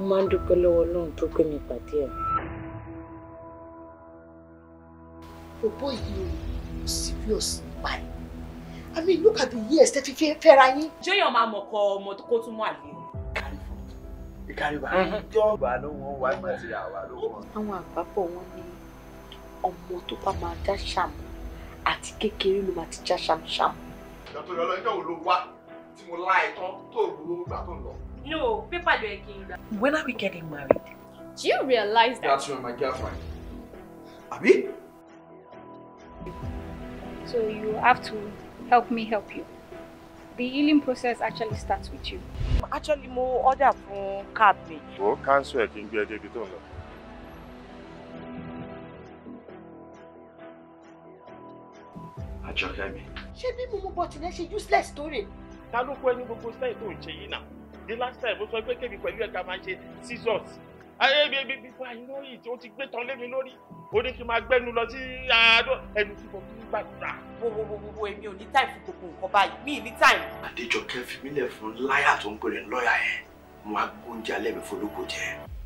mo máa ń dúpẹ́ lọ́wọ́ ọlọ́run tó gbé mi pàdé ẹ̀. òbó yìí ò serious pa ẹ̀ I mean look at the years tẹ́ fi fẹ́ra yín. jẹ́yàn máa mọ̀ kọ ọmọ tó kó tún mọ́ àlè. ìkàríwá mm-hmm. ìjọba ló wọ́n wá gbàtí àwa ló wọ́n. àwọn àgbàpọ̀ wọn ní ọmọ tó bá máa dá ṣàmù àti kékeré ló máa ti já ṣàmùṣàmù. ìjọ tó yọ lọ ìjọ wo ló wá tí mo lá tán tó gbúrú gbà tó lọ. no paper ló yẹ when are we getting married. do you realize that. that's when my girlfriend. abi. so you have to help me help you. The healing process actually starts with you. Actually, mo order fún cab mi. Wo cancel ẹ̀ kí n gbé ẹ débi tó ń lọ. Àjọkẹ́ mi. Ṣé bí mo mú bọ̀tì yẹn ṣe useless tó rè? ta ló kọ́ ẹni gbogbo style tó ń ṣe yìí náà the last time ó sọ pé kébi pẹ̀lú ẹ̀ka máa ṣe scissors ayébíyébí bípa iná yìí tí ó ti gbé tán lé mi lórí ó ní kí n máa gbẹnu lọ sí àádọ́ ẹnu tí mo fi ń gbàdúrà. wowowowo èmi ò ní táìmù gbogbo nǹkan báyìí mi ní táìmù. Adéjọkẹ́ fi mílẹ̀ fún láyà tó ń pè ní lọ́ọ̀yà yẹn mo máa gbóúnjẹ alẹ́ mi fún olóko jẹ.